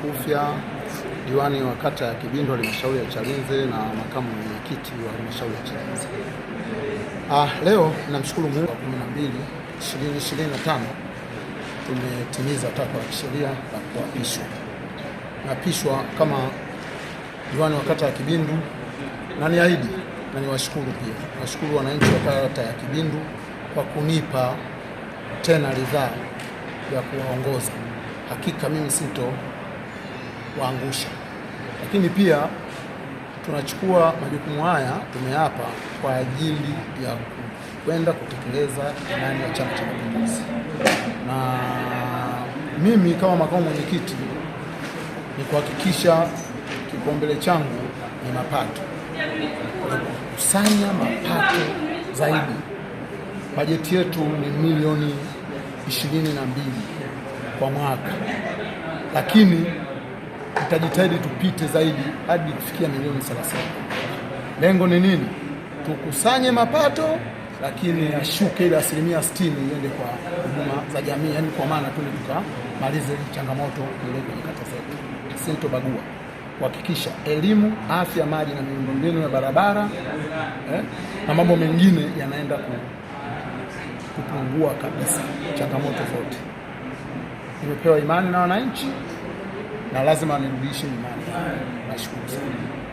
Kufya, diwani wa kata ya Kibindo halmashauri ya Chalinze na makamu mwenyekiti wa halmashauri ya Chalinze. Ah, leo namshukuru Mungu wa 12 2025 tumetimiza takwa la kisheria la kuapishwa. Naapishwa kama diwani wa kata ya Kibindu na niahidi na niwashukuru pia, washukuru wananchi wa kata ya Kibindu kwa kunipa tena ridhaa ya kuwaongoza. Hakika mimi sito kuangusha, lakini pia tunachukua majukumu haya tumeapa kwa ajili ya kwenda kutekeleza ilani ya Chama cha Mapinduzi, na mimi kama makamu mwenyekiti ni kuhakikisha kipaumbele changu ni mapato, kukusanya mapato zaidi. Bajeti yetu ni milioni ishirini na mbili kwa mwaka, lakini tutajitahidi tupite zaidi hadi kufikia milioni 30. Lengo ni nini? Tukusanye mapato lakini yashuke ile asilimia 60 iende kwa huduma za jamii, yani kwa maana tuli tukamalize changamoto ile kwenye kata zetu, sintobagua kuhakikisha elimu, afya, maji na miundombinu ya barabara eh, na mambo mengine yanaenda kupungua kabisa, changamoto zote. Nimepewa imani na wananchi na lazima nirudishe imani. Nashukuru sana.